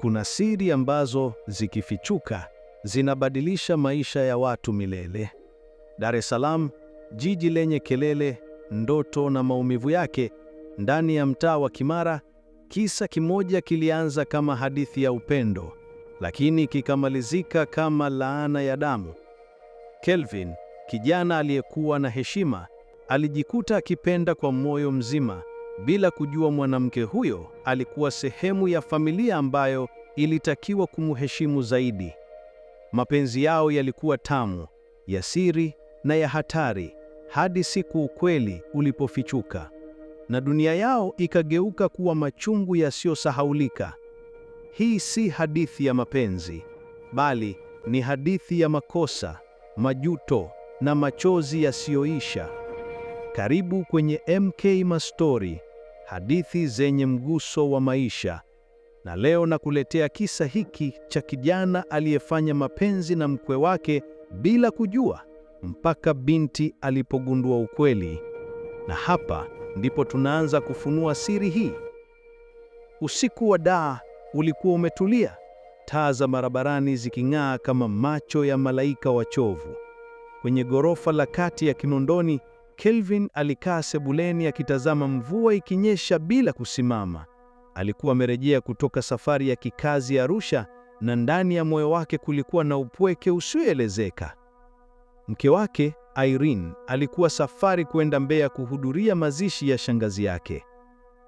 Kuna siri ambazo zikifichuka zinabadilisha maisha ya watu milele. Dar es Salaam, jiji lenye kelele, ndoto na maumivu yake, ndani ya mtaa wa Kimara, kisa kimoja kilianza kama hadithi ya upendo, lakini kikamalizika kama laana ya damu. Kelvin, kijana aliyekuwa na heshima, alijikuta akipenda kwa moyo mzima bila kujua mwanamke huyo alikuwa sehemu ya familia ambayo ilitakiwa kumheshimu zaidi. Mapenzi yao yalikuwa tamu, ya siri na ya hatari, hadi siku ukweli ulipofichuka na dunia yao ikageuka kuwa machungu yasiyosahaulika. Hii si hadithi ya mapenzi, bali ni hadithi ya makosa, majuto na machozi yasiyoisha. Karibu kwenye MK Mastori hadithi zenye mguso wa maisha. Na leo nakuletea kisa hiki cha kijana aliyefanya mapenzi na mkwe wake bila kujua, mpaka binti alipogundua ukweli. Na hapa ndipo tunaanza kufunua siri hii. Usiku wa daa ulikuwa umetulia, taa za barabarani ziking'aa kama macho ya malaika wachovu. Kwenye ghorofa la kati ya Kinondoni Kelvin alikaa sebuleni akitazama mvua ikinyesha bila kusimama. Alikuwa amerejea kutoka safari ya kikazi Arusha na ndani ya moyo wake kulikuwa na upweke usioelezeka. Mke wake Irene alikuwa safari kwenda Mbeya kuhudhuria mazishi ya shangazi yake.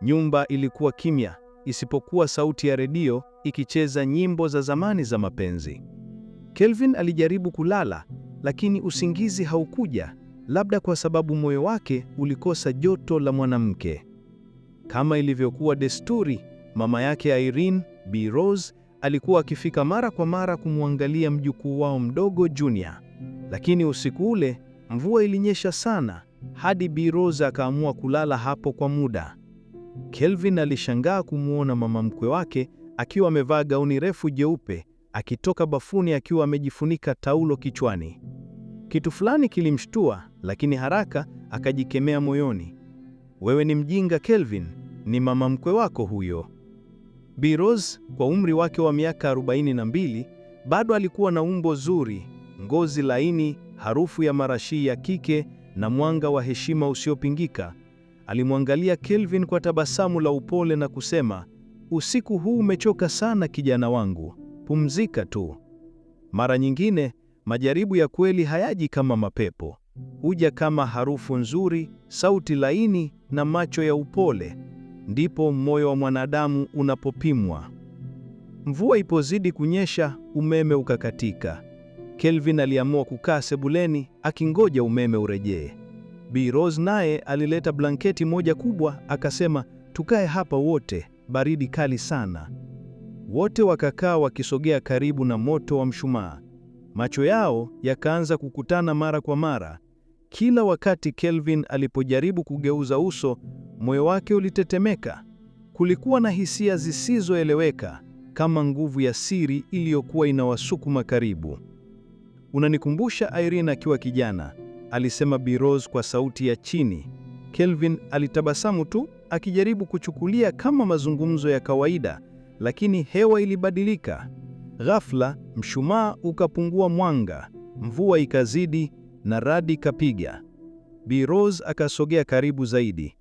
Nyumba ilikuwa kimya, isipokuwa sauti ya redio ikicheza nyimbo za zamani za mapenzi. Kelvin alijaribu kulala, lakini usingizi haukuja labda kwa sababu moyo wake ulikosa joto la mwanamke. Kama ilivyokuwa desturi, mama yake Irene, Bi Rose, alikuwa akifika mara kwa mara kumwangalia mjukuu wao mdogo Junior. Lakini usiku ule mvua ilinyesha sana hadi Bi Rose akaamua kulala hapo kwa muda. Kelvin alishangaa kumwona mama mkwe wake akiwa amevaa gauni refu jeupe akitoka bafuni akiwa amejifunika taulo kichwani. Kitu fulani kilimshtua, lakini haraka akajikemea moyoni. Wewe ni mjinga Kelvin, ni mama mkwe wako huyo. Bi Rose kwa umri wake wa miaka 42 bado alikuwa na umbo zuri, ngozi laini, harufu ya marashi ya kike na mwanga wa heshima usiopingika. Alimwangalia Kelvin kwa tabasamu la upole na kusema, usiku huu umechoka sana kijana wangu, pumzika tu. Mara nyingine Majaribu ya kweli hayaji kama mapepo, huja kama harufu nzuri, sauti laini na macho ya upole. Ndipo moyo wa mwanadamu unapopimwa. Mvua ipozidi kunyesha, umeme ukakatika. Kelvin aliamua kukaa sebuleni akingoja umeme urejee. Bi Rose naye alileta blanketi moja kubwa, akasema tukae hapa wote, baridi kali sana. Wote wakakaa wakisogea karibu na moto wa mshumaa. Macho yao yakaanza kukutana mara kwa mara. Kila wakati Kelvin alipojaribu kugeuza uso, moyo wake ulitetemeka. Kulikuwa na hisia zisizoeleweka, kama nguvu ya siri iliyokuwa inawasukuma karibu. Unanikumbusha Irene akiwa kijana, alisema Rose kwa sauti ya chini. Kelvin alitabasamu tu akijaribu kuchukulia kama mazungumzo ya kawaida, lakini hewa ilibadilika. Ghafla mshumaa ukapungua mwanga, mvua ikazidi na radi kapiga. Bi Rose akasogea karibu zaidi.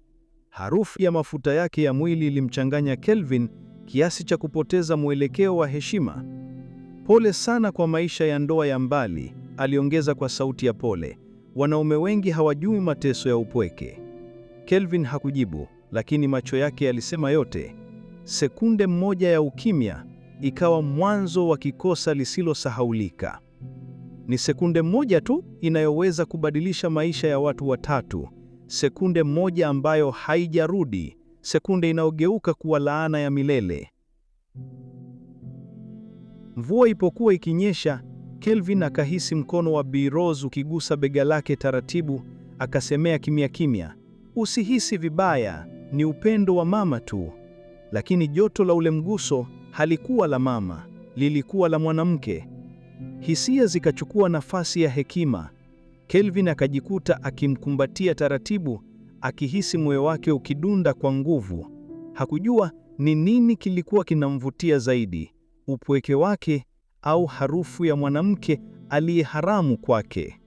Harufu ya mafuta yake ya mwili ilimchanganya Kelvin kiasi cha kupoteza mwelekeo wa heshima. Pole sana kwa maisha ya ndoa ya mbali, aliongeza kwa sauti ya pole. Wanaume wengi hawajui mateso ya upweke. Kelvin hakujibu, lakini macho yake yalisema yote. Sekunde mmoja ya ukimya ikawa mwanzo wa kikosa lisilosahaulika. Ni sekunde moja tu inayoweza kubadilisha maisha ya watu watatu, sekunde moja ambayo haijarudi, sekunde inayogeuka kuwa laana ya milele. Mvua ipokuwa ikinyesha, Kelvin akahisi mkono wa Bi Rose ukigusa bega lake taratibu, akasemea kimya kimya, usihisi vibaya, ni upendo wa mama tu. Lakini joto la ule mguso halikuwa la mama, lilikuwa la mwanamke. Hisia zikachukua nafasi ya hekima. Kelvin akajikuta akimkumbatia taratibu, akihisi moyo wake ukidunda kwa nguvu. Hakujua ni nini kilikuwa kinamvutia zaidi, upweke wake au harufu ya mwanamke aliyeharamu kwake.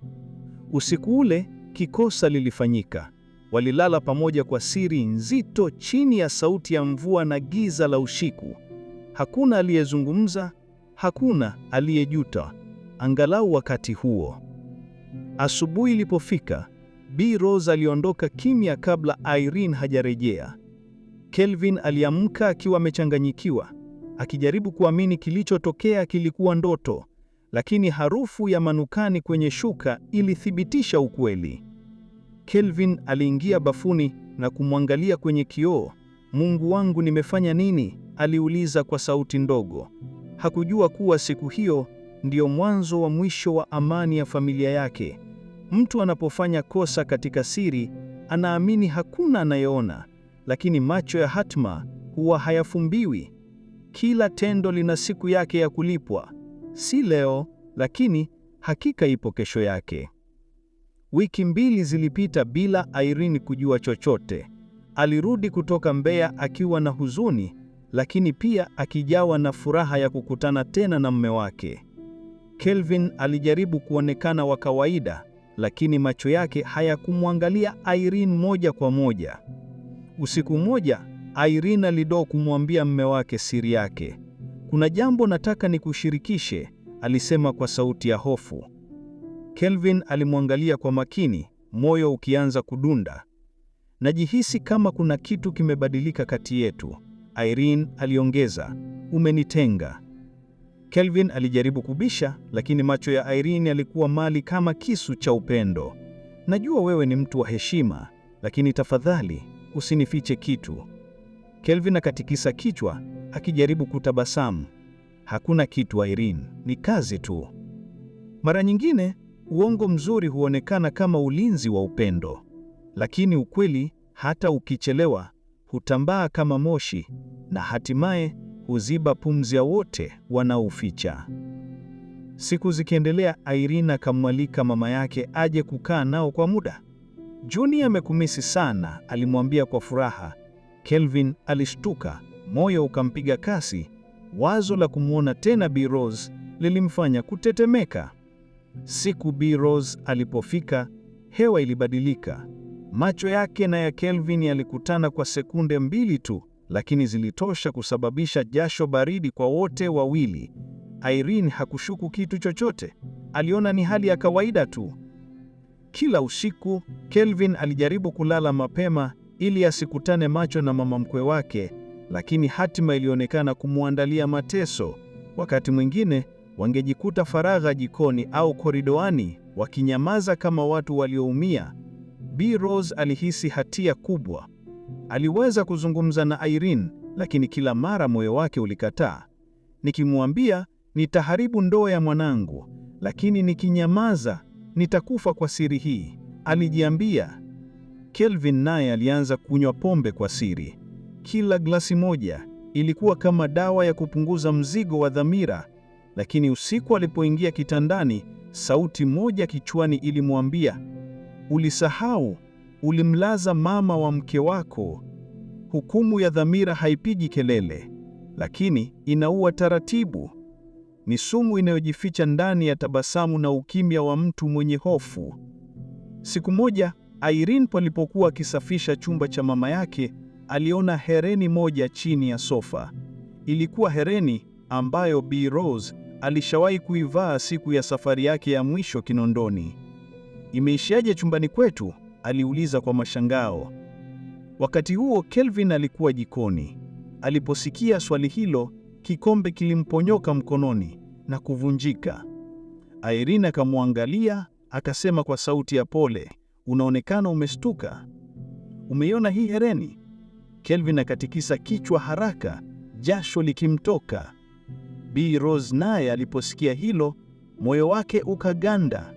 Usiku ule kikosa lilifanyika. Walilala pamoja kwa siri nzito chini ya sauti ya mvua na giza la usiku. Hakuna aliyezungumza, hakuna aliyejuta, angalau wakati huo. Asubuhi ilipofika, Bi Rose aliondoka kimya kabla Irene hajarejea. Kelvin aliamka akiwa amechanganyikiwa, akijaribu kuamini kilichotokea kilikuwa ndoto, lakini harufu ya manukani kwenye shuka ilithibitisha ukweli. Kelvin aliingia bafuni na kumwangalia kwenye kioo. Mungu wangu, nimefanya nini? aliuliza kwa sauti ndogo. Hakujua kuwa siku hiyo ndiyo mwanzo wa mwisho wa amani ya familia yake. Mtu anapofanya kosa katika siri, anaamini hakuna anayeona, lakini macho ya hatma huwa hayafumbiwi. Kila tendo lina siku yake ya kulipwa, si leo, lakini hakika ipo kesho yake. Wiki mbili zilipita bila Irene kujua chochote. Alirudi kutoka Mbeya akiwa na huzuni, lakini pia akijawa na furaha ya kukutana tena na mme wake. Kelvin alijaribu kuonekana wa kawaida, lakini macho yake hayakumwangalia Irene moja kwa moja. Usiku mmoja, Irene alidoo kumwambia mme wake siri yake. Kuna jambo nataka nikushirikishe, alisema kwa sauti ya hofu. Kelvin alimwangalia kwa makini, moyo ukianza kudunda. Najihisi kama kuna kitu kimebadilika kati yetu. Irene aliongeza, umenitenga. Kelvin alijaribu kubisha, lakini macho ya Irene yalikuwa mali kama kisu cha upendo. Najua wewe ni mtu wa heshima, lakini tafadhali usinifiche kitu. Kelvin akatikisa kichwa akijaribu kutabasamu. Hakuna kitu Irene, ni kazi tu. Mara nyingine uongo mzuri huonekana kama ulinzi wa upendo, lakini ukweli, hata ukichelewa, hutambaa kama moshi na hatimaye huziba pumzi ya wote wanaoficha. Siku zikiendelea, Irina akamwalika mama yake aje kukaa nao kwa muda. Juni amekumisi sana, alimwambia kwa furaha. Kelvin alishtuka, moyo ukampiga kasi. Wazo la kumwona tena Bi Rose lilimfanya kutetemeka. Siku Bi Rose alipofika, hewa ilibadilika. Macho yake na ya Kelvin yalikutana kwa sekunde mbili tu, lakini zilitosha kusababisha jasho baridi kwa wote wawili. Irene hakushuku kitu chochote, aliona ni hali ya kawaida tu. Kila usiku Kelvin alijaribu kulala mapema ili asikutane macho na mama mkwe wake, lakini hatima ilionekana kumwandalia mateso. Wakati mwingine wangejikuta faragha jikoni au koridoani wakinyamaza kama watu walioumia, b Rose alihisi hatia kubwa. Aliweza kuzungumza na Irene, lakini kila mara moyo wake ulikataa. Nikimwambia nitaharibu ndoa ya mwanangu, lakini nikinyamaza nitakufa kwa siri hii, alijiambia. Kelvin naye alianza kunywa pombe kwa siri. Kila glasi moja ilikuwa kama dawa ya kupunguza mzigo wa dhamira, lakini usiku alipoingia kitandani, sauti moja kichwani ilimwambia Ulisahau, ulimlaza mama wa mke wako. Hukumu ya dhamira haipigi kelele, lakini inaua taratibu. Ni sumu inayojificha ndani ya tabasamu na ukimya wa mtu mwenye hofu. Siku moja, Irene palipokuwa akisafisha chumba cha mama yake, aliona hereni moja chini ya sofa. Ilikuwa hereni ambayo Bi Rose alishawahi kuivaa siku ya safari yake ya mwisho Kinondoni imeishiaje chumbani kwetu? aliuliza kwa mashangao. Wakati huo Kelvin alikuwa jikoni. Aliposikia swali hilo, kikombe kilimponyoka mkononi na kuvunjika. Irene akamwangalia, akasema kwa sauti ya pole, unaonekana umestuka. Umeiona hii hereni? Kelvin akatikisa kichwa haraka, jasho likimtoka. Bi Rose naye aliposikia hilo, moyo wake ukaganda.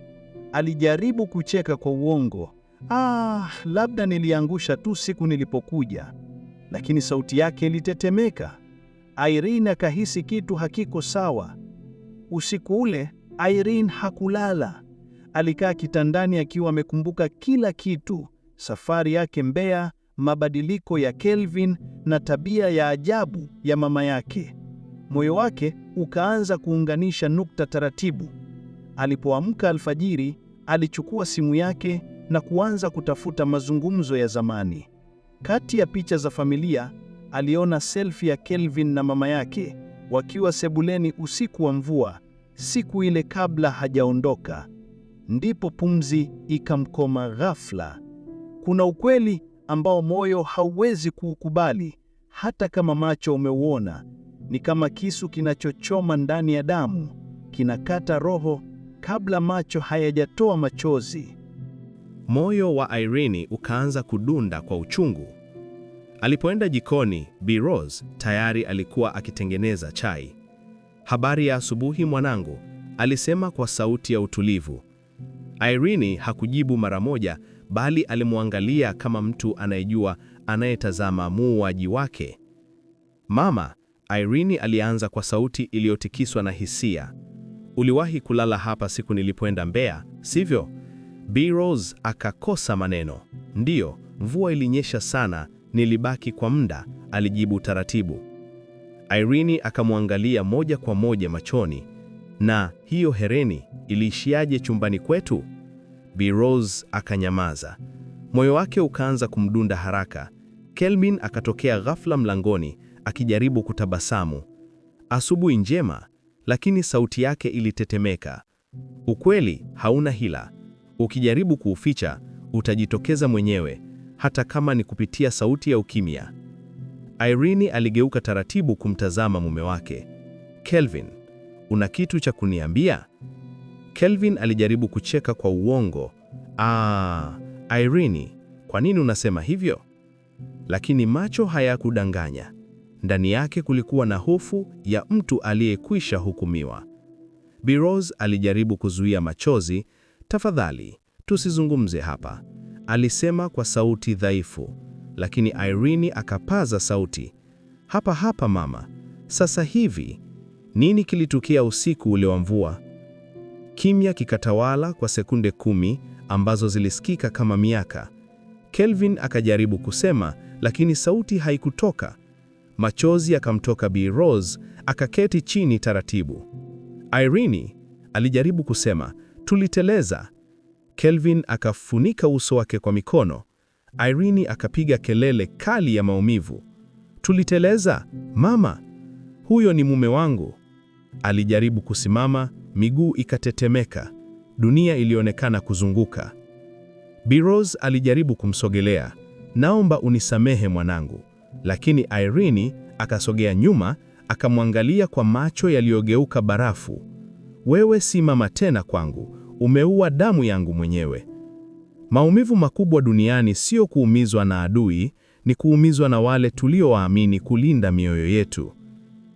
Alijaribu kucheka kwa uongo. Ah, labda niliangusha tu siku nilipokuja, lakini sauti yake ilitetemeka. Irene akahisi kitu hakiko sawa. Usiku ule Irene hakulala. Alikaa kitandani akiwa amekumbuka kila kitu: safari yake Mbeya, mabadiliko ya Kelvin na tabia ya ajabu ya mama yake. Moyo wake ukaanza kuunganisha nukta taratibu. Alipoamka alfajiri, alichukua simu yake na kuanza kutafuta mazungumzo ya zamani. Kati ya picha za familia, aliona selfie ya Kelvin na mama yake wakiwa sebuleni usiku wa mvua, siku ile kabla hajaondoka. Ndipo pumzi ikamkoma ghafla. Kuna ukweli ambao moyo hauwezi kuukubali hata kama macho umeuona. Ni kama kisu kinachochoma ndani ya damu, kinakata roho kabla macho hayajatoa machozi. Moyo wa Irene ukaanza kudunda kwa uchungu. Alipoenda jikoni, Bi Rose tayari alikuwa akitengeneza chai. Habari ya asubuhi mwanangu, alisema kwa sauti ya utulivu. Irene hakujibu mara moja, bali alimwangalia kama mtu anayejua anayetazama muuaji wake. Mama, Irene alianza kwa sauti iliyotikiswa na hisia uliwahi kulala hapa siku nilipoenda Mbeya, sivyo? Bi Rose akakosa maneno. Ndiyo, mvua ilinyesha sana, nilibaki kwa muda, alijibu taratibu. Irene akamwangalia moja kwa moja machoni. Na hiyo hereni iliishiaje chumbani kwetu? Bi Rose akanyamaza. Moyo wake ukaanza kumdunda haraka. Kelvin akatokea ghafla mlangoni akijaribu kutabasamu. Asubuhi njema, lakini sauti yake ilitetemeka. Ukweli hauna hila. Ukijaribu kuuficha, utajitokeza mwenyewe, hata kama ni kupitia sauti ya ukimya. Irene aligeuka taratibu kumtazama mume wake. Kelvin, una kitu cha kuniambia? Kelvin alijaribu kucheka kwa uongo. Ah, Irene, kwa nini unasema hivyo? Lakini macho hayakudanganya. Ndani yake kulikuwa na hofu ya mtu aliyekwisha hukumiwa. Bi Rose alijaribu kuzuia machozi. Tafadhali, tusizungumze hapa, alisema kwa sauti dhaifu, lakini Irene akapaza sauti. Hapa hapa mama, sasa hivi. Nini kilitukia usiku ule wa mvua? Kimya kikatawala kwa sekunde kumi ambazo zilisikika kama miaka. Kelvin akajaribu kusema, lakini sauti haikutoka machozi yakamtoka Bi Rose, akaketi chini taratibu. Irene alijaribu kusema tuliteleza. Kelvin akafunika uso wake kwa mikono. Irene akapiga kelele kali ya maumivu, tuliteleza mama, huyo ni mume wangu. Alijaribu kusimama, miguu ikatetemeka, dunia ilionekana kuzunguka. Bi Rose alijaribu kumsogelea, naomba unisamehe mwanangu lakini Irene akasogea nyuma, akamwangalia kwa macho yaliyogeuka barafu. Wewe si mama tena kwangu, umeua damu yangu mwenyewe. Maumivu makubwa duniani sio kuumizwa na adui, ni kuumizwa na wale tuliowaamini kulinda mioyo yetu.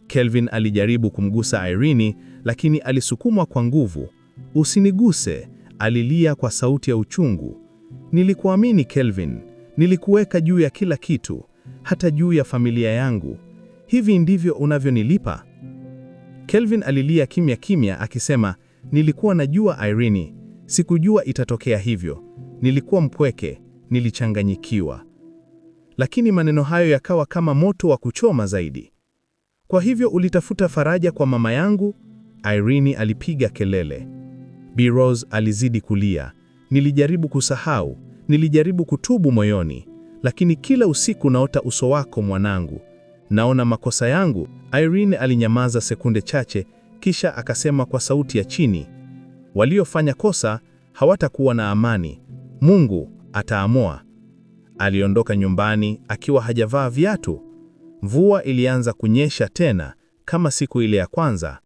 Kelvin alijaribu kumgusa Irene, lakini alisukumwa kwa nguvu. Usiniguse, alilia kwa sauti ya uchungu. Nilikuamini Kelvin, nilikuweka juu ya kila kitu hata juu ya familia yangu. Hivi ndivyo unavyonilipa? Kelvin alilia kimya kimya akisema, nilikuwa najua Irene, sikujua itatokea hivyo. Nilikuwa mpweke, nilichanganyikiwa. Lakini maneno hayo yakawa kama moto wa kuchoma zaidi. Kwa hivyo ulitafuta faraja kwa mama yangu? Irene alipiga kelele. Bi Rose alizidi kulia. Nilijaribu kusahau, nilijaribu kutubu moyoni, lakini kila usiku naota uso wako mwanangu, naona makosa yangu. Irene alinyamaza sekunde chache, kisha akasema kwa sauti ya chini, waliofanya kosa hawatakuwa na amani, Mungu ataamua. Aliondoka nyumbani akiwa hajavaa viatu. Mvua ilianza kunyesha tena kama siku ile ya kwanza.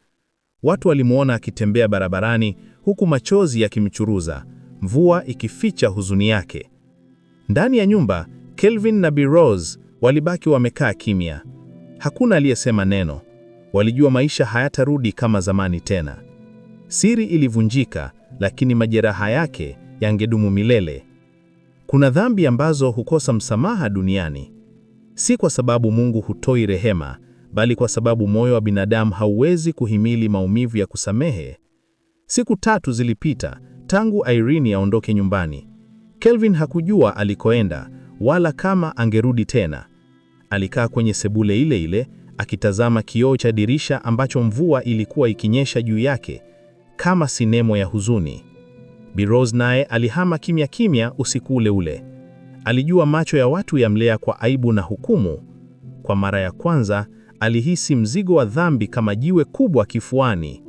Watu walimwona akitembea barabarani huku machozi yakimchuruza, mvua ikificha huzuni yake. Ndani ya nyumba, Kelvin na Birose walibaki wamekaa kimya. Hakuna aliyesema neno. Walijua maisha hayatarudi kama zamani tena. Siri ilivunjika, lakini majeraha yake yangedumu milele. Kuna dhambi ambazo hukosa msamaha duniani, si kwa sababu Mungu hutoi rehema, bali kwa sababu moyo wa binadamu hauwezi kuhimili maumivu ya kusamehe. Siku tatu zilipita tangu Irene aondoke nyumbani. Kelvin hakujua alikoenda, wala kama angerudi tena. Alikaa kwenye sebule ile ile akitazama kioo cha dirisha ambacho mvua ilikuwa ikinyesha juu yake kama sinemo ya huzuni. Biroz naye alihama kimya kimya usiku ule ule. Alijua macho ya watu yamlea kwa aibu na hukumu. Kwa mara ya kwanza alihisi mzigo wa dhambi kama jiwe kubwa kifuani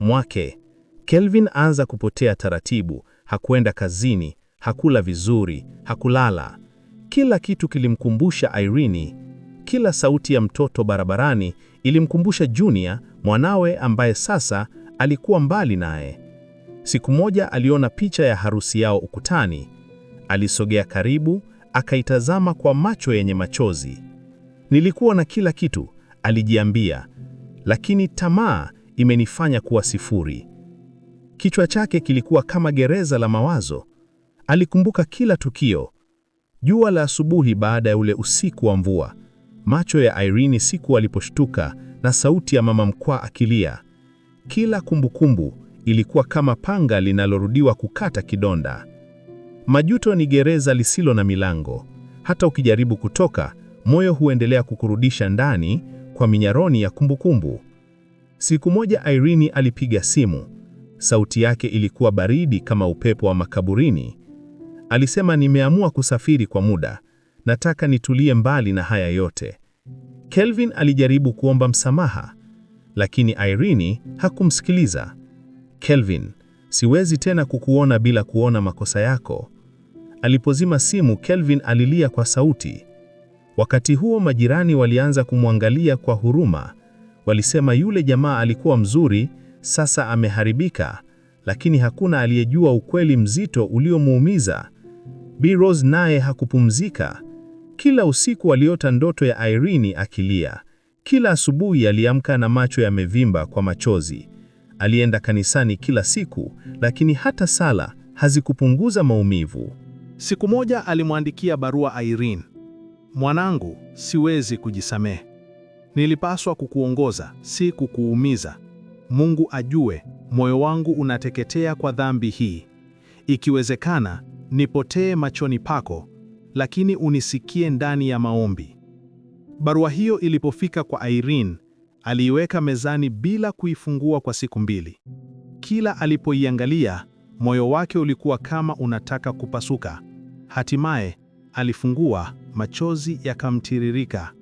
mwake. Kelvin anza kupotea taratibu, hakuenda kazini, hakula vizuri, hakulala. Kila kitu kilimkumbusha Irene. Kila sauti ya mtoto barabarani ilimkumbusha Junior, mwanawe ambaye sasa alikuwa mbali naye. Siku moja aliona picha ya harusi yao ukutani. Alisogea karibu, akaitazama kwa macho yenye machozi. Nilikuwa na kila kitu, alijiambia, lakini tamaa imenifanya kuwa sifuri. Kichwa chake kilikuwa kama gereza la mawazo. Alikumbuka kila tukio, Jua la asubuhi baada ya ule usiku wa mvua, macho ya Irene siku aliposhtuka na sauti ya mama mkwa akilia. Kila kumbukumbu ilikuwa kama panga linalorudiwa kukata kidonda. Majuto ni gereza lisilo na milango. Hata ukijaribu kutoka, moyo huendelea kukurudisha ndani kwa minyaroni ya kumbukumbu. Siku moja Irene alipiga simu. Sauti yake ilikuwa baridi kama upepo wa makaburini, Alisema, nimeamua kusafiri kwa muda, nataka nitulie mbali na haya yote. Kelvin alijaribu kuomba msamaha, lakini Irene hakumsikiliza. Kelvin, siwezi tena kukuona bila kuona makosa yako. Alipozima simu, Kelvin alilia kwa sauti. Wakati huo majirani walianza kumwangalia kwa huruma. Walisema yule jamaa alikuwa mzuri, sasa ameharibika, lakini hakuna aliyejua ukweli mzito uliomuumiza. Bi Rose naye hakupumzika. Kila usiku aliota ndoto ya Irene akilia. Kila asubuhi aliamka na macho yamevimba kwa machozi. Alienda kanisani kila siku, lakini hata sala hazikupunguza maumivu. Siku moja alimwandikia barua Irene, mwanangu, siwezi kujisamehe. Nilipaswa kukuongoza, si kukuumiza. Mungu ajue moyo wangu unateketea kwa dhambi hii. Ikiwezekana, nipotee machoni pako, lakini unisikie ndani ya maombi. Barua hiyo ilipofika kwa Irene, aliiweka mezani bila kuifungua kwa siku mbili. Kila alipoiangalia, moyo wake ulikuwa kama unataka kupasuka. Hatimaye alifungua, machozi yakamtiririka.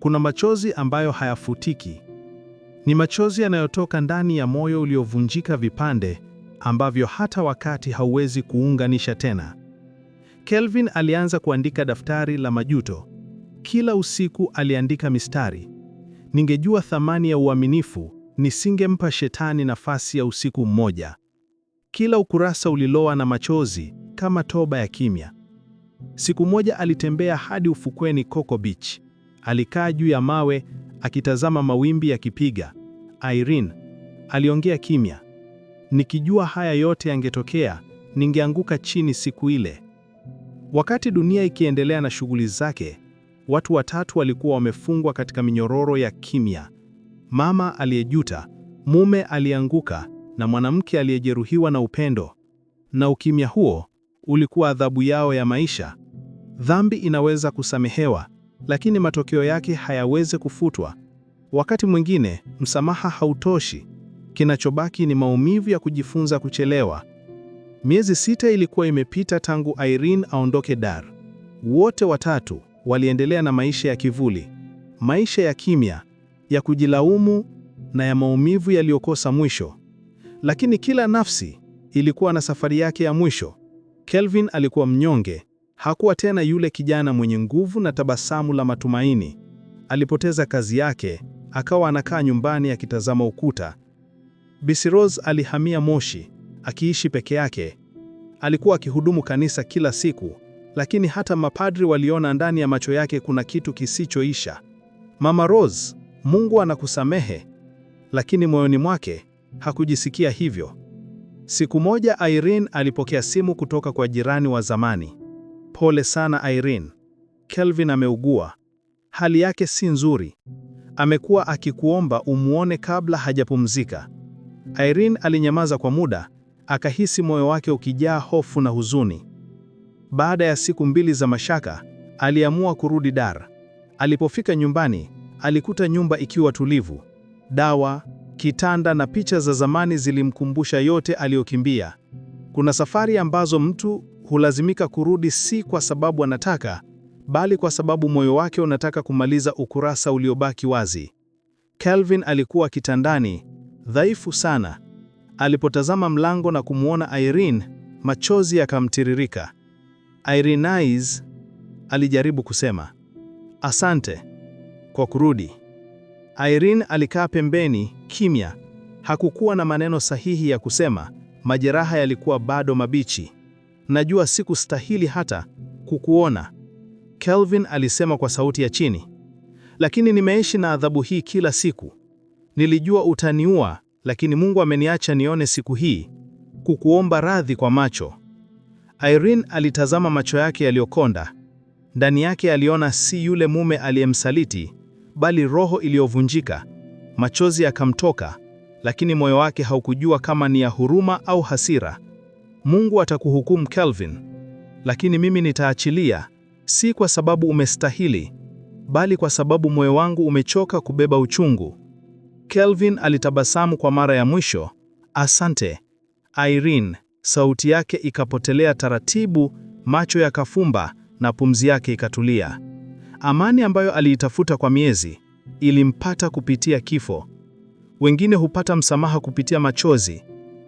Kuna machozi ambayo hayafutiki. Ni machozi yanayotoka ndani ya moyo uliovunjika vipande ambavyo hata wakati hauwezi kuunganisha tena. Kelvin alianza kuandika daftari la majuto. Kila usiku aliandika mistari. Ningejua thamani ya uaminifu, nisingempa shetani nafasi ya usiku mmoja. Kila ukurasa ulilowa na machozi kama toba ya kimya. Siku moja alitembea hadi ufukweni Coco Beach. Alikaa juu ya mawe akitazama mawimbi yakipiga. Irene aliongea kimya. Nikijua haya yote yangetokea, ningeanguka chini siku ile. Wakati dunia ikiendelea na shughuli zake, watu watatu walikuwa wamefungwa katika minyororo ya kimya: mama aliyejuta, mume aliyeanguka na mwanamke aliyejeruhiwa na upendo. Na ukimya huo ulikuwa adhabu yao ya maisha. Dhambi inaweza kusamehewa, lakini matokeo yake hayawezi kufutwa. Wakati mwingine msamaha hautoshi. Kinachobaki ni maumivu ya kujifunza kuchelewa. Miezi sita ilikuwa imepita tangu Irene aondoke Dar. Wote watatu waliendelea na maisha ya kivuli, maisha ya kimya, ya kujilaumu na ya maumivu yaliyokosa mwisho. Lakini kila nafsi ilikuwa na safari yake ya mwisho. Kelvin alikuwa mnyonge, hakuwa tena yule kijana mwenye nguvu na tabasamu la matumaini. Alipoteza kazi yake, akawa anakaa nyumbani akitazama ukuta, Bisirose alihamia Moshi akiishi peke yake. Alikuwa akihudumu kanisa kila siku, lakini hata mapadri waliona ndani ya macho yake kuna kitu kisichoisha. Mama Rose, Mungu anakusamehe, lakini moyoni mwake hakujisikia hivyo. Siku moja Irene alipokea simu kutoka kwa jirani wa zamani. Pole sana Irene, Kelvin ameugua, hali yake si nzuri, amekuwa akikuomba umwone kabla hajapumzika. Irene alinyamaza kwa muda, akahisi moyo wake ukijaa hofu na huzuni. Baada ya siku mbili za mashaka, aliamua kurudi Dar. Alipofika nyumbani, alikuta nyumba ikiwa tulivu. Dawa, kitanda na picha za zamani zilimkumbusha yote aliyokimbia. Kuna safari ambazo mtu hulazimika kurudi, si kwa sababu anataka, bali kwa sababu moyo wake unataka kumaliza ukurasa uliobaki wazi. Kelvin alikuwa kitandani dhaifu sana. Alipotazama mlango na kumwona Irene, machozi yakamtiririka. eyes, alijaribu kusema asante kwa kurudi. Irene alikaa pembeni kimya, hakukuwa na maneno sahihi ya kusema. Majeraha yalikuwa bado mabichi. Najua sikustahili hata kukuona, Kelvin alisema kwa sauti ya chini, lakini nimeishi na adhabu hii kila siku. Nilijua utaniua, lakini Mungu ameniacha nione siku hii kukuomba radhi kwa macho. Irene alitazama macho yake yaliyokonda. Ndani yake aliona si yule mume aliyemsaliti, bali roho iliyovunjika. Machozi yakamtoka, lakini moyo wake haukujua kama ni ya huruma au hasira. Mungu atakuhukumu Kelvin, lakini mimi nitaachilia, si kwa sababu umestahili, bali kwa sababu moyo wangu umechoka kubeba uchungu. Kelvin alitabasamu kwa mara ya mwisho. Asante Irene. Sauti yake ikapotelea taratibu, macho yakafumba na pumzi yake ikatulia. Amani ambayo aliitafuta kwa miezi ilimpata kupitia kifo. Wengine hupata msamaha kupitia machozi,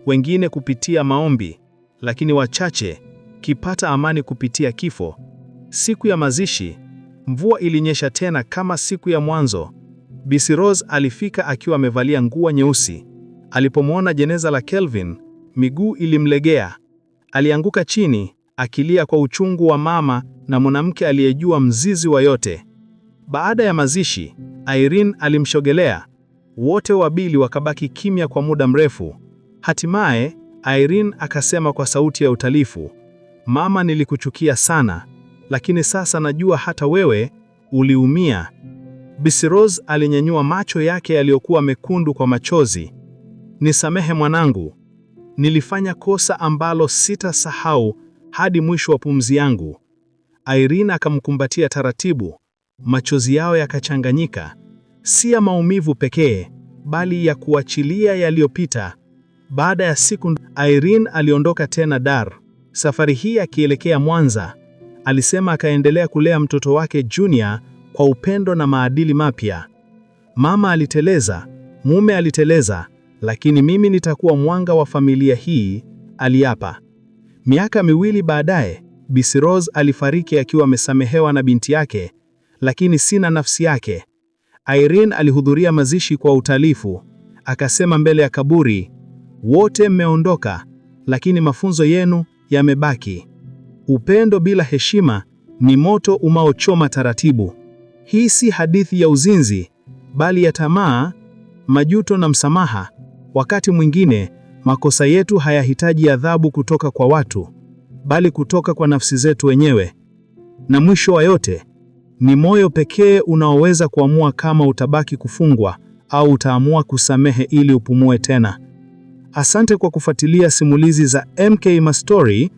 wengine kupitia maombi, lakini wachache kipata amani kupitia kifo. Siku ya mazishi, mvua ilinyesha tena kama siku ya mwanzo, Bisi Rose alifika akiwa amevalia nguo nyeusi. Alipomwona jeneza la Kelvin, miguu ilimlegea. Alianguka chini akilia kwa uchungu wa mama na mwanamke aliyejua mzizi wa yote. Baada ya mazishi, Irene alimshogelea. Wote wabili wakabaki kimya kwa muda mrefu. Hatimaye, Irene akasema kwa sauti ya utalifu, "Mama, nilikuchukia sana, lakini sasa najua hata wewe uliumia Bisiros alinyanyua macho yake yaliyokuwa mekundu kwa machozi. Nisamehe mwanangu, nilifanya kosa ambalo sitasahau hadi mwisho wa pumzi yangu. Irene akamkumbatia taratibu, machozi yao yakachanganyika, si ya maumivu pekee, bali ya kuachilia yaliyopita. Baada ya siku, Irene aliondoka tena Dar, safari hii akielekea Mwanza. Alisema akaendelea kulea mtoto wake Junior kwa upendo na maadili mapya. Mama aliteleza, mume aliteleza, lakini mimi nitakuwa mwanga wa familia hii, aliapa. Miaka miwili baadaye, Bisi Rose alifariki akiwa amesamehewa na binti yake, lakini sina nafsi yake. Irene alihudhuria mazishi kwa utalifu, akasema mbele ya kaburi, wote mmeondoka, lakini mafunzo yenu yamebaki. Upendo bila heshima ni moto unaochoma taratibu. Hii si hadithi ya uzinzi, bali ya tamaa, majuto na msamaha. Wakati mwingine makosa yetu hayahitaji adhabu kutoka kwa watu, bali kutoka kwa nafsi zetu wenyewe. Na mwisho wa yote ni moyo pekee unaoweza kuamua kama utabaki kufungwa au utaamua kusamehe ili upumue tena. Asante kwa kufuatilia simulizi za MK Mastori.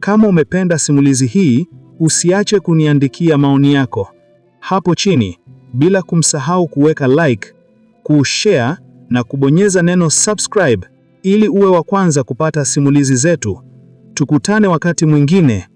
Kama umependa simulizi hii, usiache kuniandikia maoni yako hapo chini, bila kumsahau kuweka like, kushare na kubonyeza neno subscribe ili uwe wa kwanza kupata simulizi zetu. Tukutane wakati mwingine.